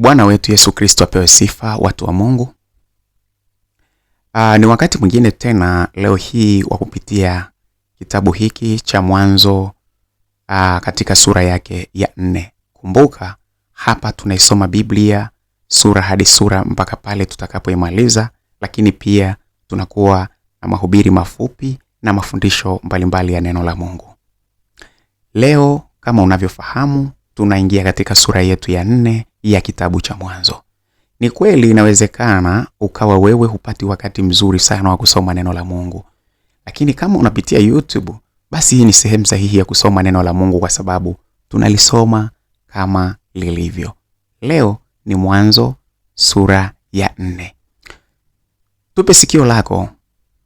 Bwana wetu Yesu Kristo apewe sifa, watu wa Mungu. Aa, ah, ni wakati mwingine tena leo hii wa kupitia kitabu hiki cha Mwanzo aa, ah, katika sura yake ya nne. Kumbuka hapa tunaisoma Biblia sura hadi sura mpaka pale tutakapoimaliza, lakini pia tunakuwa na mahubiri mafupi na mafundisho mbalimbali mbali ya neno la Mungu. Leo kama unavyofahamu, tunaingia katika sura yetu ya nne ya kitabu cha Mwanzo. Ni kweli inawezekana ukawa wewe hupati wakati mzuri sana wa kusoma neno la Mungu, lakini kama unapitia YouTube, basi hii ni sehemu sahihi ya kusoma neno la Mungu kwa sababu tunalisoma kama lilivyo. Leo ni Mwanzo sura ya nne. Tupe sikio lako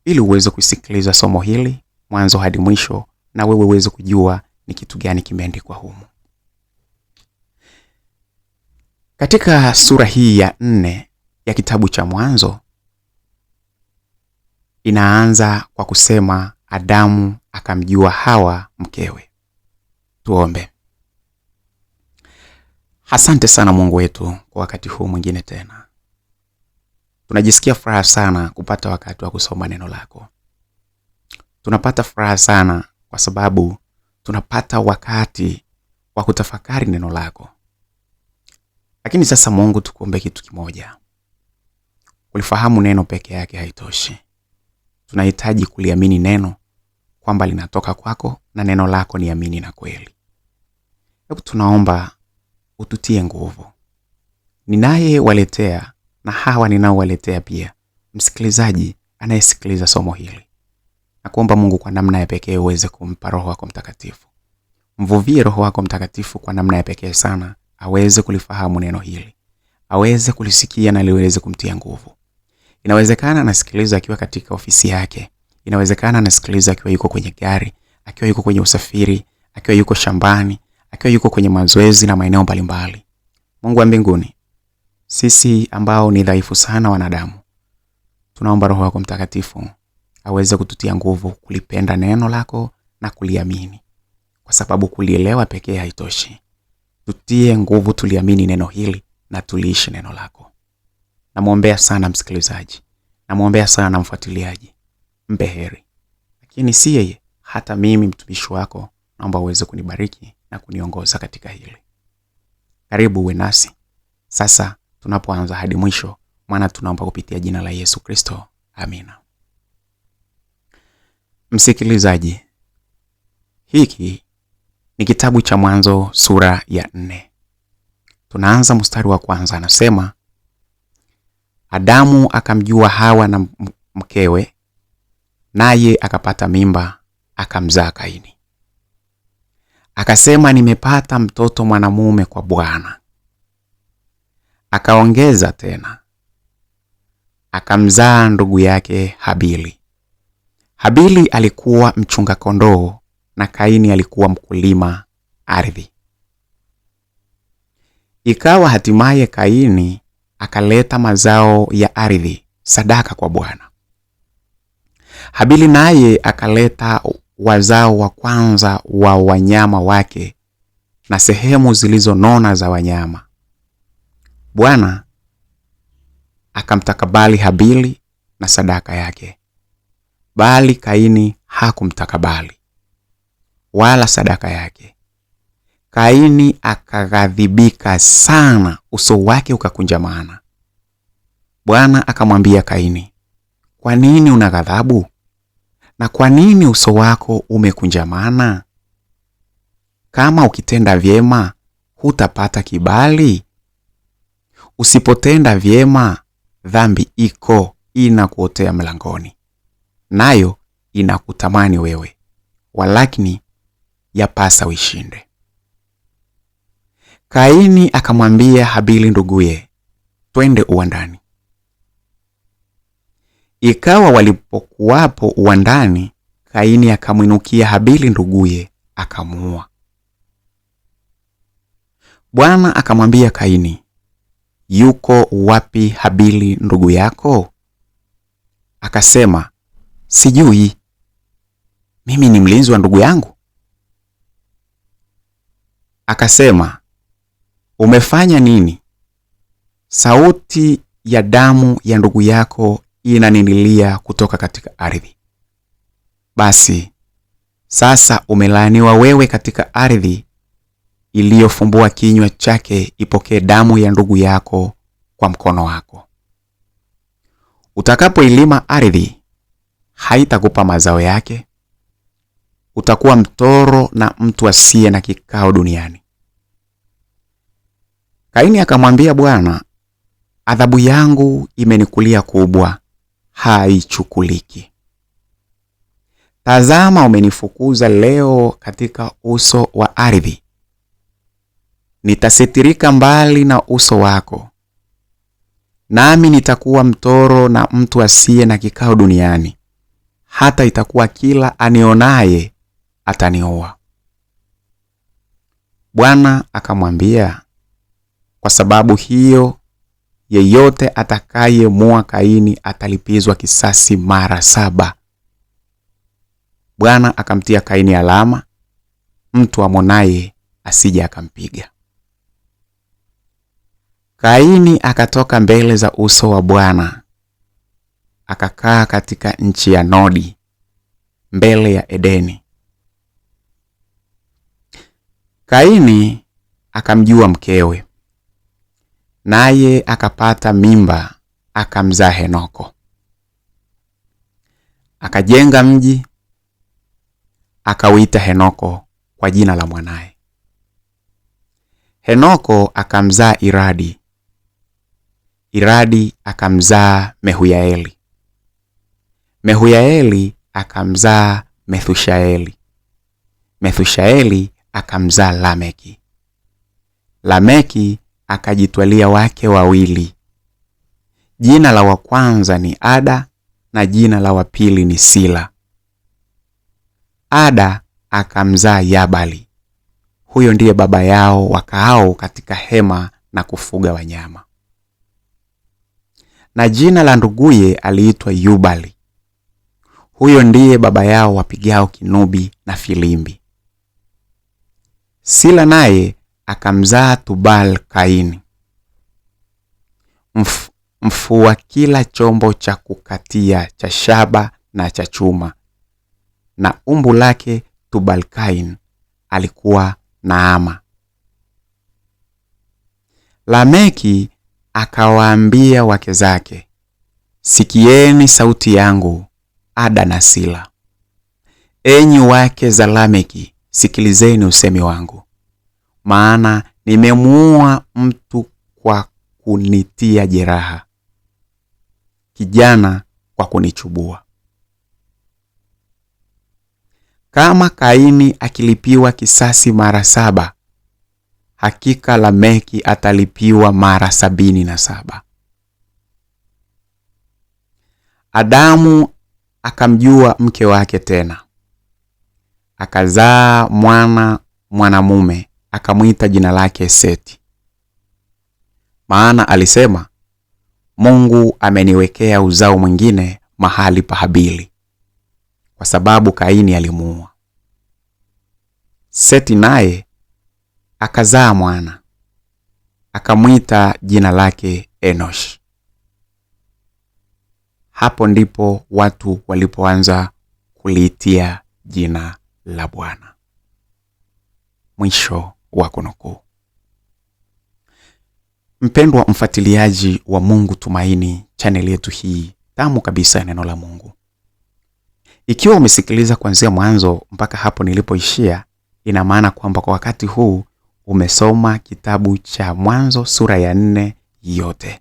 ili uweze kusikiliza somo hili mwanzo hadi mwisho, na wewe uweze kujua ni kitu gani kimeandikwa humu. Katika sura hii ya nne ya kitabu cha Mwanzo inaanza kwa kusema Adamu akamjua Hawa mkewe. Tuombe. Asante sana Mungu wetu kwa wakati huu mwingine tena. Tunajisikia furaha sana kupata wakati wa kusoma neno lako. Tunapata furaha sana kwa sababu tunapata wakati wa kutafakari neno lako. Lakini sasa Mungu, tukuombe kitu kimoja. Kulifahamu neno peke yake haitoshi, tunahitaji kuliamini neno kwamba linatoka kwako na neno lako ni amini na kweli. Hebu tunaomba ututie nguvu. Ninayewaletea na hawa ninaowaletea pia, msikilizaji anayesikiliza somo hili, na kuomba Mungu kwa namna ya pekee uweze kumpa Roho wako Mtakatifu. Mvuvie Roho wako Mtakatifu kwa namna ya pekee sana aweze kulifahamu neno hili, aweze kulisikia na liweze kumtia nguvu. Inawezekana anasikiliza akiwa katika ofisi yake, inawezekana anasikiliza akiwa yuko kwenye gari, akiwa yuko kwenye usafiri, akiwa yuko shambani, akiwa yuko kwenye mazoezi na maeneo mbalimbali. Mungu wa mbinguni, sisi ambao ni dhaifu sana wanadamu, tunaomba Roho yako Mtakatifu aweze kututia nguvu kulipenda neno lako na kuliamini, kwa sababu kulielewa pekee haitoshi tutie nguvu, tuliamini neno hili na tuliishi neno lako. Namwombea sana msikilizaji, namwombea sana mfuatiliaji, mpe heri, lakini si yeye, hata mimi mtumishi wako, naomba uweze kunibariki na kuniongoza katika hili. Karibu uwe nasi sasa tunapoanza hadi mwisho, maana tunaomba kupitia jina la Yesu Kristo, amina. Msikilizaji, hiki ni kitabu cha Mwanzo sura ya nne. Tunaanza mstari wa kwanza, anasema Adamu akamjua Hawa na mkewe, naye akapata mimba, akamzaa Kaini. Akasema, nimepata mtoto mwanamume kwa Bwana. Akaongeza tena akamzaa ndugu yake Habili. Habili alikuwa mchunga kondoo na Kaini alikuwa mkulima ardhi. Ikawa hatimaye Kaini akaleta mazao ya ardhi sadaka kwa Bwana. Habili naye akaleta wazao wa kwanza wa wanyama wake na sehemu zilizonona za wanyama. Bwana akamtakabali Habili na sadaka yake, bali Kaini hakumtakabali wala sadaka yake. Kaini akaghadhibika sana, uso wake ukakunjamana. Bwana akamwambia Kaini, kwa nini una ghadhabu na kwa nini uso wako umekunjamana? Kama ukitenda vyema hutapata kibali, usipotenda vyema dhambi iko inakuotea mlangoni, nayo inakutamani wewe, walakini yapasa uishinde. Kaini akamwambia Habili nduguye, twende uwandani. Ikawa walipokuwapo uwandani, Kaini akamwinukia Habili nduguye akamuua. Bwana akamwambia Kaini, yuko wapi Habili ndugu yako? Akasema, sijui, mimi ni mlinzi wa ndugu yangu akasema, umefanya nini? Sauti ya damu ya ndugu yako inanililia kutoka katika ardhi. Basi sasa umelaaniwa wewe katika ardhi iliyofumbua kinywa chake, ipokee damu ya ndugu yako kwa mkono wako. Utakapoilima ardhi, haitakupa mazao yake, utakuwa mtoro na mtu asiye na kikao duniani. Kaini akamwambia Bwana, adhabu yangu imenikulia kubwa, haichukuliki. Tazama, umenifukuza leo katika uso wa ardhi, nitasitirika mbali na uso wako, nami nitakuwa mtoro na mtu asiye na kikao duniani, hata itakuwa kila anionaye ataniua. Bwana akamwambia, kwa sababu hiyo yeyote atakayemua Kaini atalipizwa kisasi mara saba. Bwana akamtia Kaini alama, mtu amwonaye asije akampiga. Kaini akatoka mbele za uso wa Bwana, akakaa katika nchi ya Nodi mbele ya Edeni. Kaini akamjua mkewe, naye akapata mimba, akamzaa Henoko. Akajenga mji, akauita Henoko kwa jina la mwanaye. Henoko akamzaa Iradi, Iradi akamzaa Mehuyaeli, Mehuyaeli akamzaa Methushaeli, Methushaeli akamzaa Lameki. Lameki akajitwalia wake wawili. Jina la wa kwanza ni Ada na jina la wa pili ni Sila. Ada akamzaa Yabali. Huyo ndiye baba yao wakaao katika hema na kufuga wanyama. Na jina la nduguye aliitwa Yubali. Huyo ndiye baba yao wapigao kinubi na filimbi. Sila naye akamzaa Tubal Kaini, mf, mfua kila chombo cha kukatia cha shaba na cha chuma, na umbu lake Tubal Kain alikuwa Naama. Lameki akawaambia wake zake, sikieni sauti yangu Ada na Sila, enyi wake za Lameki sikilizeni usemi wangu, maana nimemuua mtu kwa kunitia jeraha, kijana kwa kunichubua. Kama Kaini akilipiwa kisasi mara saba, hakika Lameki atalipiwa mara sabini na saba. Adamu akamjua mke wake tena akazaa mwana mwanamume, akamwita jina lake Seti, maana alisema, Mungu ameniwekea uzao mwingine mahali pa Habili, kwa sababu Kaini alimuua. Seti naye akazaa mwana, akamwita jina lake Enosh. Hapo ndipo watu walipoanza kuliitia jina la Bwana. Mwisho wa kunukuu. Mpendwa mfuatiliaji wa Mungu Tumaini, chaneli yetu hii tamu kabisa ya neno la Mungu, ikiwa umesikiliza kuanzia mwanzo mpaka hapo nilipoishia, ina maana kwamba kwa wakati huu umesoma kitabu cha Mwanzo sura ya nne yote.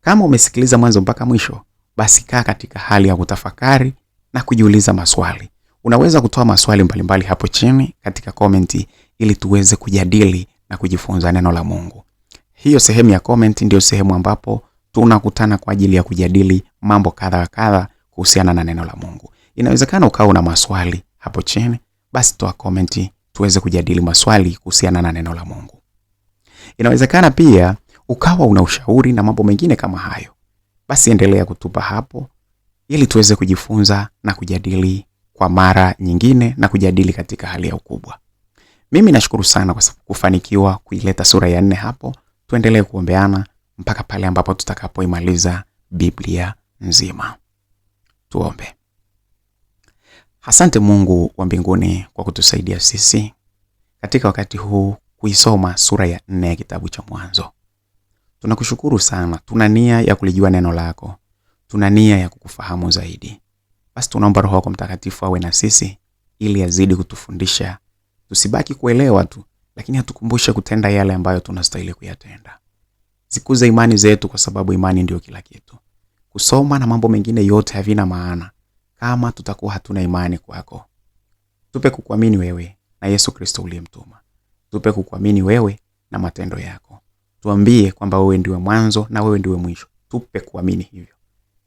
Kama umesikiliza mwanzo mpaka mwisho, basi kaa katika hali ya kutafakari na kujiuliza maswali. Unaweza kutoa maswali mbalimbali hapo chini katika komenti ili tuweze kujadili na kujifunza neno la Mungu. Hiyo sehemu ya komenti ndiyo sehemu ambapo tunakutana kwa ajili ya kujadili mambo kadha wa kadha kuhusiana na neno la Mungu. Inawezekana ukawa una maswali hapo chini, basi toa komenti tuweze kujadili maswali kuhusiana na neno la Mungu. Inawezekana pia ukawa una ushauri na mambo mengine kama hayo, basi endelea kutupa hapo ili tuweze kujifunza na kujadili kwa mara nyingine na kujadili katika hali ya ukubwa. Mimi nashukuru sana kwa kufanikiwa kuileta sura ya nne hapo. Tuendelee kuombeana mpaka pale ambapo tutakapoimaliza Biblia nzima. Tuombe. Asante Mungu wa mbinguni kwa kutusaidia sisi katika wakati huu kuisoma sura ya nne ya kitabu cha Mwanzo. Tunakushukuru sana, tuna nia ya kulijua neno lako, tuna nia ya kukufahamu zaidi. Basi tunaomba Roho wako Mtakatifu awe na sisi ili azidi kutufundisha, tusibaki kuelewa tu, lakini atukumbushe kutenda yale ambayo tunastahili kuyatenda. Zikuze imani zetu, kwa sababu imani ndio kila kitu. Kusoma na mambo mengine yote havina maana kama tutakuwa hatuna imani kwako. Tupe kukuamini wewe na Yesu Kristo uliyemtuma. Tupe kukuamini wewe na matendo yako. Tuambie kwamba wewe ndiwe mwanzo na wewe ndiwe mwisho. Tupe kuamini hivyo.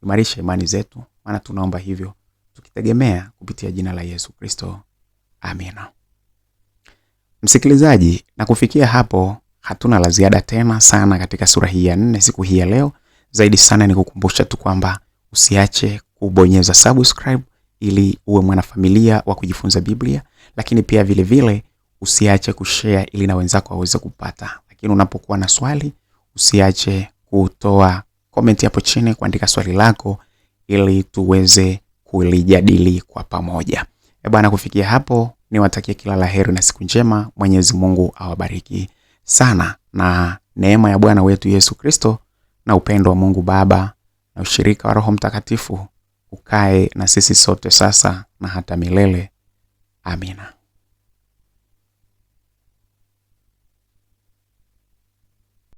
Imarisha imani zetu, maana tunaomba hivyo tukitegemea kupitia jina la Yesu Kristo. Amina. Msikilizaji, na kufikia hapo hatuna la ziada tena sana katika sura hii ya nne siku hii ya leo. Zaidi sana ni kukumbusha tu kwamba usiache kubonyeza subscribe ili uwe mwanafamilia wa kujifunza Biblia, lakini pia vile vile usiache kushare ili na wenzako waweze kupata. Lakini unapokuwa na swali usiache kutoa komenti hapo chini, kuandika swali lako ili tuweze kulijadili kwa pamoja. E bwana, kufikia hapo niwatakie kila la heri na siku njema. Mwenyezi Mungu awabariki sana, na neema ya Bwana wetu Yesu Kristo na upendo wa Mungu Baba na ushirika wa Roho Mtakatifu ukae na sisi sote sasa na hata milele. Amina.